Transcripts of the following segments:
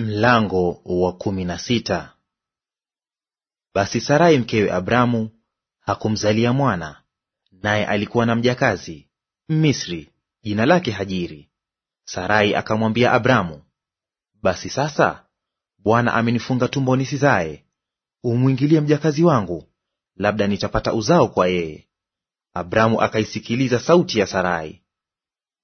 Mlango wa kumi na sita. Basi Sarai mkewe Abramu hakumzalia mwana, naye alikuwa na mjakazi Misri jina lake Hajiri. Sarai akamwambia Abramu, basi sasa Bwana amenifunga tumbo nisizae, umwingilie mjakazi wangu, labda nitapata uzao kwa yeye. Abramu akaisikiliza sauti ya Sarai.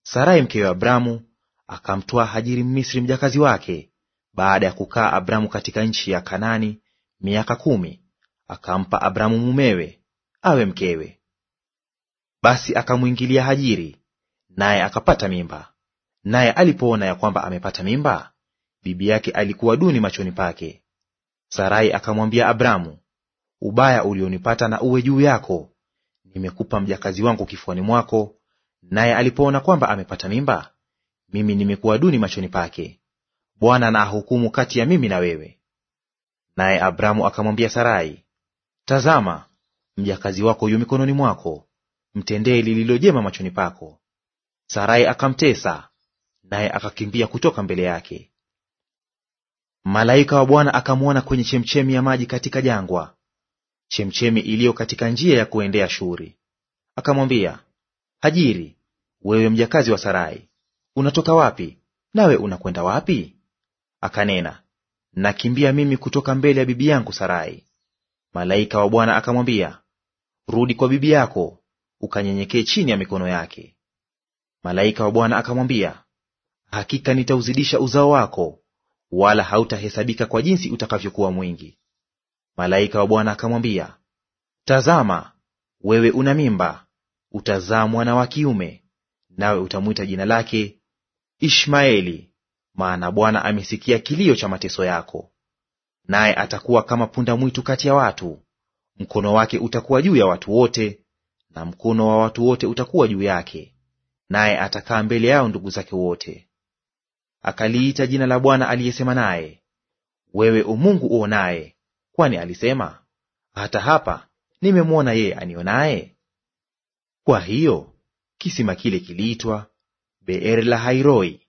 Sarai mkewe Abramu akamtwaa Hajiri mmisri mjakazi wake baada ya kukaa Abramu katika nchi ya kanani miaka kumi, akampa Abramu mumewe awe mkewe. Basi akamwingilia Hajiri, naye akapata mimba. Naye alipoona ya kwamba amepata mimba, bibi yake alikuwa duni machoni pake. Sarai akamwambia Abramu, ubaya ulionipata na uwe juu yako. Nimekupa mjakazi wangu kifuani mwako, naye alipoona kwamba amepata mimba, mimi nimekuwa duni machoni pake. Bwana na ahukumu kati ya mimi na wewe. Naye Abramu akamwambia Sarai, tazama, mjakazi wako yu mikononi mwako, mtendee lililo jema machoni pako. Sarai akamtesa, naye akakimbia kutoka mbele yake. Malaika wa Bwana akamwona kwenye chemchemi ya maji katika jangwa, chemchemi iliyo katika njia ya kuendea Shuri. Akamwambia, Hajiri, wewe mjakazi wa Sarai, unatoka wapi? Nawe unakwenda wapi? Akanena, nakimbia mimi kutoka mbele ya bibi yangu Sarai. Malaika wa Bwana akamwambia, rudi kwa bibi yako, ukanyenyekee chini ya mikono yake. Malaika wa Bwana akamwambia, hakika nitauzidisha uzao wako, wala hautahesabika kwa jinsi utakavyokuwa mwingi. Malaika wa Bwana akamwambia, tazama, wewe una mimba, utazaa mwana wa kiume, nawe utamwita jina lake Ishmaeli, maana Bwana amesikia kilio cha mateso yako. Naye atakuwa kama punda mwitu kati ya watu, mkono wake utakuwa juu ya watu wote, na mkono wa watu wote utakuwa juu yake, naye atakaa mbele yao ndugu zake wote. Akaliita jina la Bwana aliyesema naye, wewe umungu uonaye, kwani alisema, hata hapa nimemwona yeye anionaye. Kwa hiyo kisima kile kiliitwa Beer la Hairoi,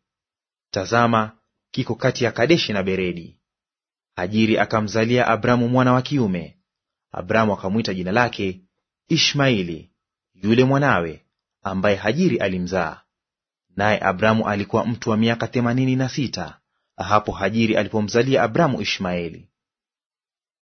Tazama, kiko kati ya Kadeshi na Beredi. Hajiri akamzalia Abramu mwana wa kiume. Abramu akamwita jina lake ishmaeli yule mwanawe ambaye Hajiri alimzaa. Naye Abramu alikuwa mtu wa miaka themanini na sita hapo Hajiri alipomzalia Abramu Ishmaeli.